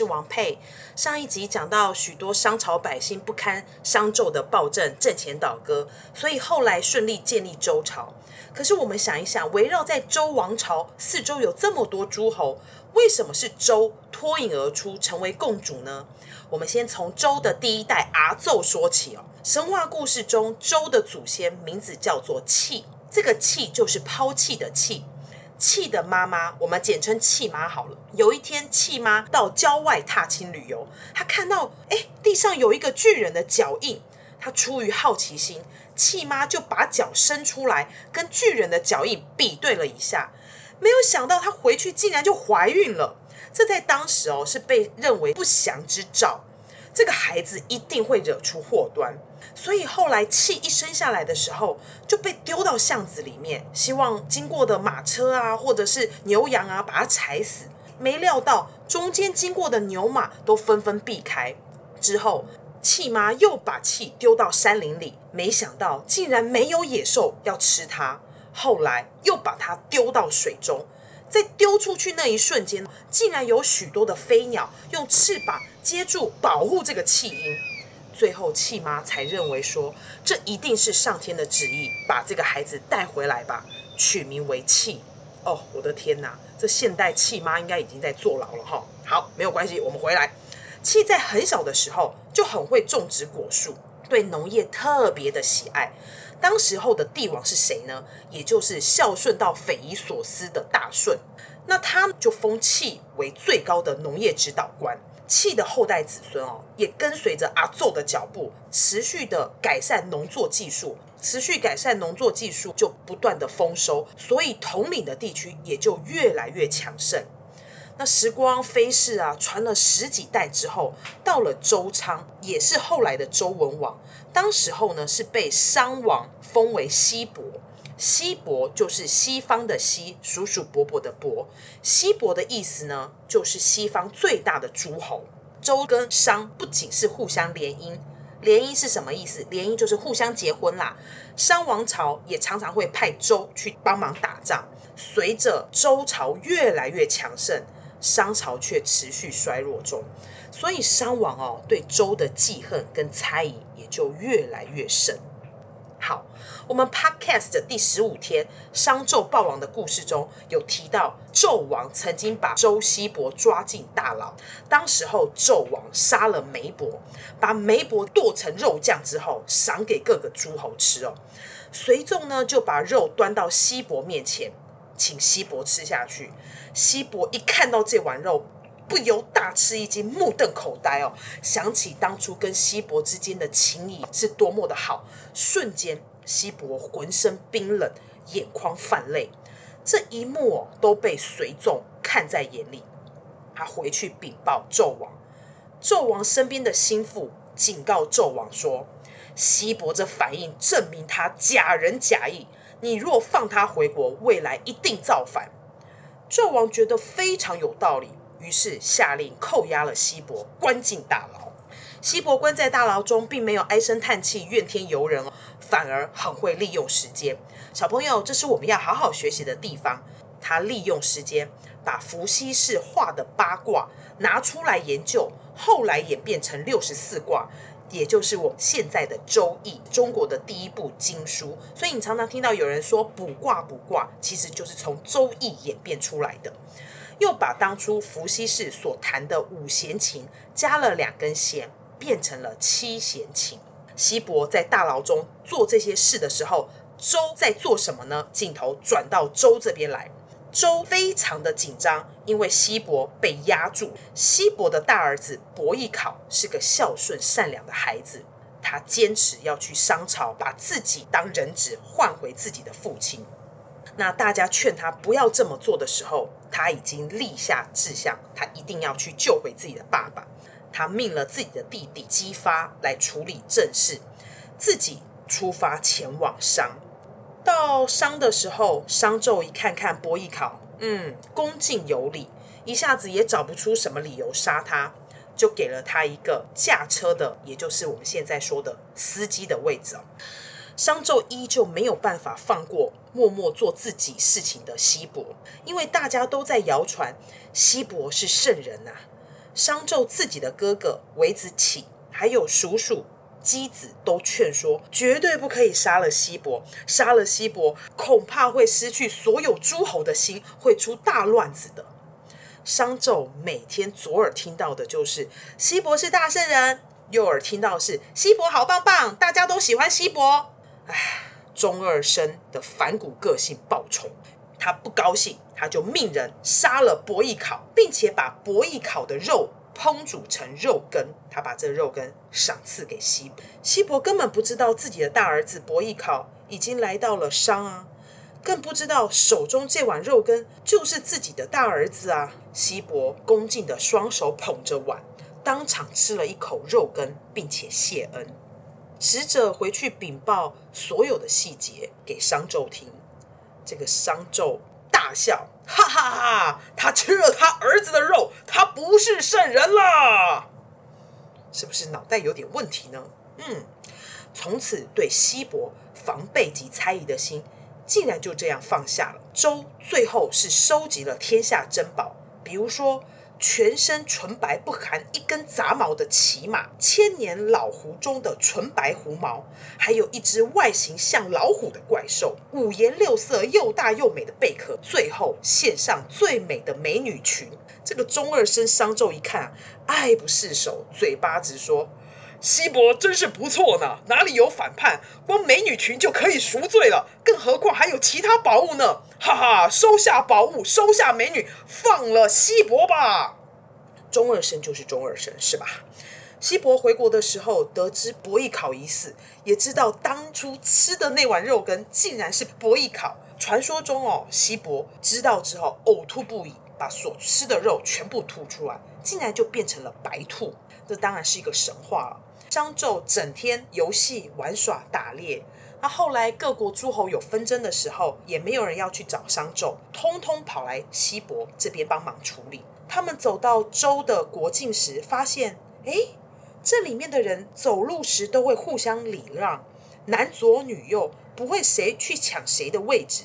是王配。上一集講到許多商朝百姓不堪商紂的暴政，陣前倒戈，所以後來順利建立周朝。可是我們想一想，圍繞在周王朝四周有這麼多諸侯，為什麼是周脫穎而出成為共主呢？我們先從周的第一代阿奏說起哦。神話故事中，周的祖先名字叫做棄，這個棄就是拋棄的棄。棄的媽媽，我們簡稱棄媽好了。有一天，棄媽到郊外踏青旅遊，她看到，誒，地上有一個巨人的腳印。她出於好奇心，棄媽就把腳伸出來，跟巨人的腳印比對了一下，沒有想到她回去竟然就懷孕了。這在當時哦，是被認為不祥之兆。這個孩子一定會惹出禍端，所以後來棄一生下來的時候就被丟到巷子裡面，希望經過的馬車啊，或者是牛羊啊，把它踩死。沒料到中間經過的牛馬都紛紛避開。之後棄媽又把棄丟到山林裡，沒想到竟然沒有野獸要吃它。後來又把它丟到水中。在丟出去那一瞬間，竟然有許多的飛鳥用翅膀接住，保護這個棄嬰，最後棄媽才認為說，這一定是上天的旨意，把這個孩子帶回來吧，取名為棄。哦，我的天哪，這現代棄媽應該已經在坐牢了哈。好，沒有關係，我們回來。棄在很小的時候就很會種植果樹，對農業特別的喜愛。當時候的帝王是誰呢？也就是孝順到匪夷所思的大順，那他就封棄為最高的農業指導官。棄的後代子孫哦，也跟隨着阿祖的腳步，持續的改善農作技術，持續改善農作技術就不斷的豐收，所以統領的地區也就越來越強盛。那時光飛逝啊，傳了十幾代之後，到了周昌，也是後來的周文王。當時候呢，是被商王封為西伯。西伯就是西方的西，叔叔伯伯的伯。西伯的意思呢，就是西方最大的諸侯。周跟商不僅是互相聯姻，聯姻是什麼意思？聯姻就是互相結婚啦。商王朝也常常會派周去幫忙打仗。隨着周朝越來越強盛。商朝卻持續衰弱中，所以商王哦對周的記恨跟猜疑也就越來越深。好，我們 Podcast 的第十五天，商紂暴王的故事中有提到，紂王曾經把周西伯抓進大牢，當時候紂王殺了梅伯，把梅伯剁成肉醬之後，賞給各個諸侯吃哦。隨眾呢就把肉端到西伯面前。請西伯吃下去，西伯一看到這碗肉，不由大吃一驚，目瞪口呆哦。想起當初跟西伯之間的情誼是多麼的好，瞬間西伯渾身冰冷，眼眶泛淚。這一幕、哦、都被隨眾看在眼裡。他回去稟報紂王，紂王身邊的心腹警告紂王說，西伯這反應證明他假仁假義。你若放他回國，未來一定造反。紂王覺得非常有道理，於是下令扣押了西伯，關進大牢。西伯關在大牢中，並沒有唉聲嘆氣、怨天尤人哦，反而很會利用時間。小朋友，這是我們要好好學習的地方。他利用時間，把伏羲氏畫的八卦拿出來研究，後來演變成六十四卦。也就是我現在的《周易》，中國的第一部經書，所以你常常聽到有人說卜卦卜卦，其實就是從《周易》演變出來的。又把當初伏羲氏所彈的五弦琴，加了兩根弦，變成了七弦琴。西伯在大牢中做這些事的時候，周在做什麼呢？鏡頭轉到周這邊來。周非常的緊張，因為西伯被押住。西伯的大兒子伯邑考是個孝順善良的孩子，他堅持要去商朝，把自己當人質換回自己的父親。那大家勸他不要這麼做的時候，他已經立下志向，他一定要去救回自己的爸爸。他命了自己的弟弟姬發來處理政事，自己出發前往商。到商的時候，商紂一看看伯邑考，嗯，恭敬有禮，一下子也找不出什麼理由殺他，就給了他一個駕車的，也就是我們現在說的司機的位置哦。商紂依舊沒有辦法放過默默做自己事情的西伯，因為大家都在謠傳西伯是聖人吶、啊。商紂自己的哥哥微子啟，還有叔叔。箕子都勸說，絕對不可以殺了西伯，殺了西伯恐怕會失去所有諸侯的心，會出大亂子的。商紂每天左耳聽到的就是西伯是大聖人，右耳聽到是西伯好棒棒，大家都喜歡西伯。唉，中二生的反骨個性爆衝，他不高興，他就命人殺了伯邑考，並且把伯邑考的肉，烹煮成肉羹，他把這肉羹賞賜給西伯。西伯根本不知道自己的大兒子伯邑考已經來到了商啊，更不知道手中這碗肉羹就是自己的大兒子啊。西伯恭敬地雙手捧着碗，當場吃了一口肉羹，並且謝恩。使者回去稟報所有的細節給商紂聽，這個商紂大笑。哈哈哈！他吃了他兒子的肉，他不是聖人啦，是不是腦袋有點問題呢？嗯，從此對西伯防備及猜疑的心，竟然就這樣放下了。周最後是收集了天下珍寶，比如說。全身純白不、不含一根雜毛的騎馬，千年老狐中的純白狐毛，還有一隻外形像老虎的怪獸，五顏六色又大又美的貝殼，最後獻上最美的美女群。這個中二生商紂一看，啊，愛不釋手，嘴巴直說。西伯真是不錯呢，哪裡有反叛？光美女群就可以贖罪了，更何況還有其他寶物呢！哈哈，收下寶物，收下美女，放了西伯吧。中二神就是中二神，是吧？西伯回國的時候，得知伯邑考一事，也知道當初吃的那碗肉羹竟然是伯邑考。傳說中哦，西伯知道之後嘔吐不已，把所吃的肉全部吐出來，竟然就變成了白兔。這當然是一個神話了。商紂整天遊戲玩耍、打獵。那後來各國諸侯有紛爭的時候，也沒有人要去找商紂，通通跑來西伯這邊幫忙處理。他們走到周的國境時，發現，誒，這裡面的人走路時都會互相禮讓，男左女右，不會誰去搶誰的位置。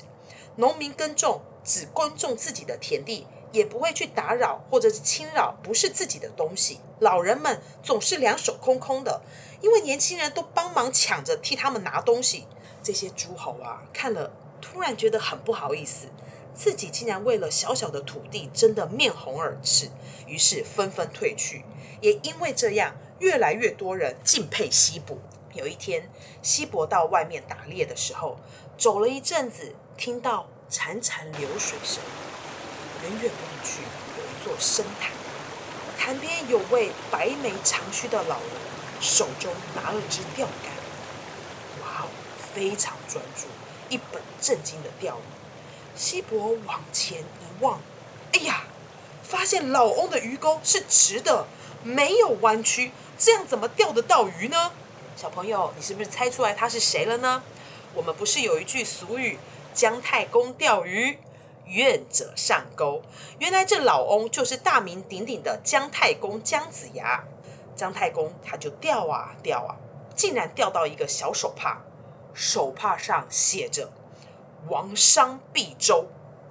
農民耕種，只耕種自己的田地。也不會去打擾或者是侵擾不是自己的東西。老人們總是兩手空空的，因為年輕人都幫忙搶着替他們拿東西。這些諸侯啊，看了突然覺得很不好意思，自己竟然為了小小的土地爭得面紅耳赤，於是紛紛退去。也因為這樣，越來越多人敬佩西伯。有一天，西伯到外面打獵的時候，走了一陣子，聽到潺潺流水聲。遠遠望去，有一座深潭，潭邊有位白眉長鬚的老人，手中拿了支釣竿，哇哦，非常專注，一本正經的釣魚。西伯往前一望，哎呀，發現老翁的魚鈎是直的，沒有彎曲，這樣怎麼釣得到魚呢？小朋友，你是不是猜出來他是誰了呢？我們不是有一句俗語，姜太公釣魚？願者上鈎。原來這老翁就是大名鼎鼎的姜太公姜子牙。姜太公他就釣啊釣啊，竟然釣到一個小手帕，手帕上寫着“亡商必周”，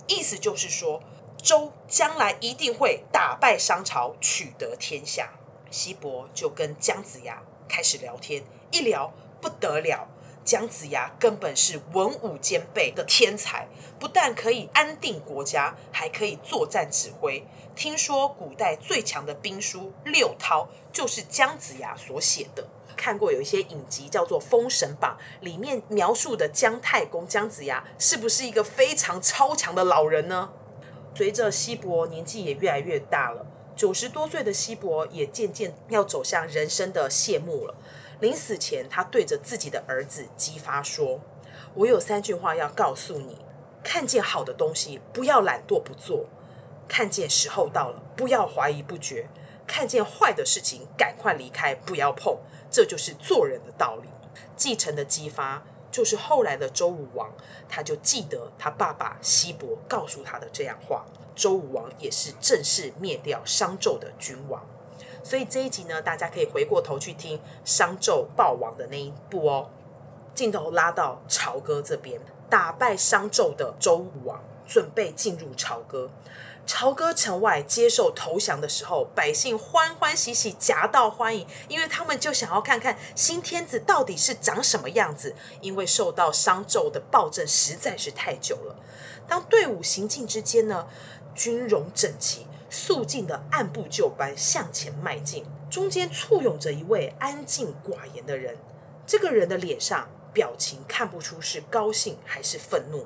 意思就是說周將來一定會打敗商朝，取得天下。西伯就跟姜子牙開始聊天，一聊不得了。姜子牙根本是文武兼備的天才，不但可以安定國家，還可以作戰指揮。聽說古代最強的兵書《六韜》就是姜子牙所寫的。看過有一些影集叫做《封神榜》，裡面描述的姜太公姜子牙是不是一個非常超強的老人呢？隨着西伯年紀也越來越大了，九十多歲的西伯也漸漸要走向人生的謝幕了。臨死前，他對着自己的兒子姬發說：“我有三句話要告訴你，看見好的東西不要懶惰不做，看見時候到了不要懷疑不決，看見壞的事情趕快離開不要碰，這就是做人的道理。”繼承的姬發就是後來的周武王，他就記得他爸爸西伯告訴他的這樣話。周武王也是正式滅掉商紂的君王。所以這一集呢，大家可以回過頭去聽商紂暴亡的那一步哦。鏡頭拉到朝歌這邊，打敗商紂的周武王準備進入朝歌。朝歌城外接受投降的時候，百姓歡歡喜喜夾道歡迎，因為他們就想要看看新天子到底是長什麼樣子。因為受到商紂的暴政實在是太久了。當隊伍行進之間呢，軍容整齊，肅靜的按部就班向前邁進，中間簇擁着一位安靜寡言的人。這個人的臉上表情看不出是高興還是憤怒。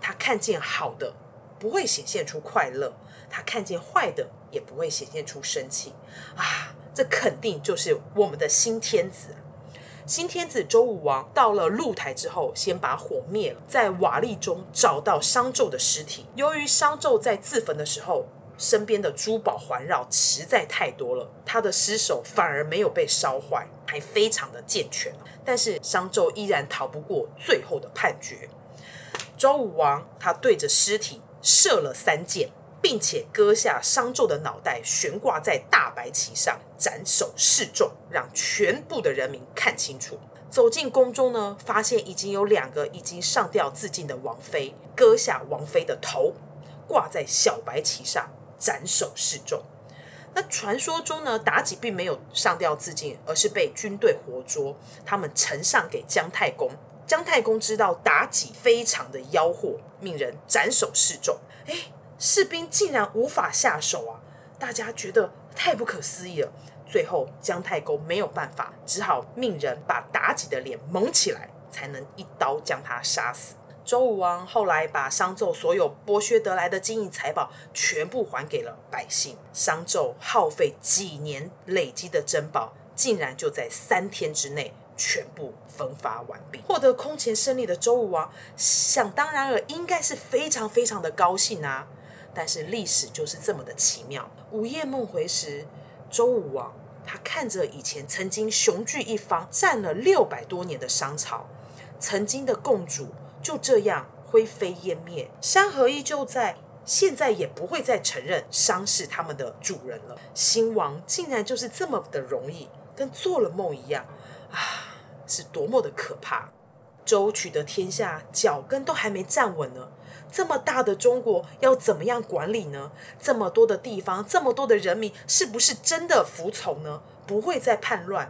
他看見好的，不會顯現出快樂；他看見壞的，也不會顯現出生氣。啊，這肯定就是我們的新天子！新天子周武王到了露台之後，先把火滅了，在瓦礫中找到商紂的屍體。由於商紂在自焚的時候，身邊的珠寶環繞實在太多了，他的屍首反而沒有被燒壞，還非常的健全。但是商紂依然逃不過最後的判決。周武王他對着屍體射了三箭，並且割下商紂的腦袋，懸掛在大白旗上，斬首示眾，讓全部的人民看清楚。走進宮中呢，發現已經有兩個已經上吊自盡的王妃，割下王妃的頭，掛在小白旗上。斬首示眾。那傳說中呢，妲己並沒有上吊自盡，而是被軍隊活捉，他們呈上給姜太公。姜太公知道妲己非常的妖惑，命人斬首示眾。哎，士兵竟然無法下手啊！大家覺得太不可思議了。最後姜太公沒有辦法，只好命人把妲己的臉蒙起來，才能一刀將她殺死。周武王後來把商紂所有剝削得來的金銀財寶全部還給了百姓。商紂耗費幾年累積的珍寶，竟然就在三天之內全部分發完畢。獲得空前勝利的周武王，想當然了，應該是非常非常的高興啊。但是歷史就是這麼的奇妙。午夜夢回時，周武王他看着以前曾經雄踞一方、占了六百多年的商朝，曾經的共主。就這樣灰飛煙滅，山河依舊在，現在也不會再承認商是他們的主人了。興亡竟然就是這麼的容易，跟做了夢一樣啊，是多麼的可怕！周取得天下，腳跟都還沒站穩呢，這麼大的中國要怎麼樣管理呢？這麼多的地方，這麼多的人民，是不是真的服從呢？不會再叛亂。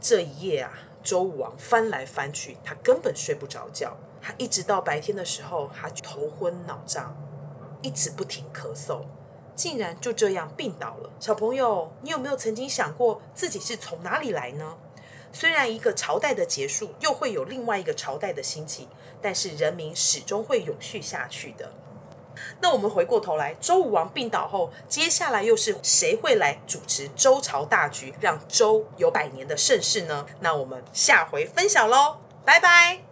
這一夜啊，周武王翻來翻去，他根本睡不着覺。他一直到白天的時候，他頭昏腦脹，一直不停咳嗽，竟然就這樣病倒了。小朋友，你有沒有曾經想過自己是從哪裡來呢？雖然一個朝代的結束，又會有另外一個朝代的興起，但是人民始終會永續下去的。那我們回過頭來，周武王病倒後，接下來又是誰會來主持周朝大局，讓周有百年的盛世呢？那我們下回分享嘍，拜拜。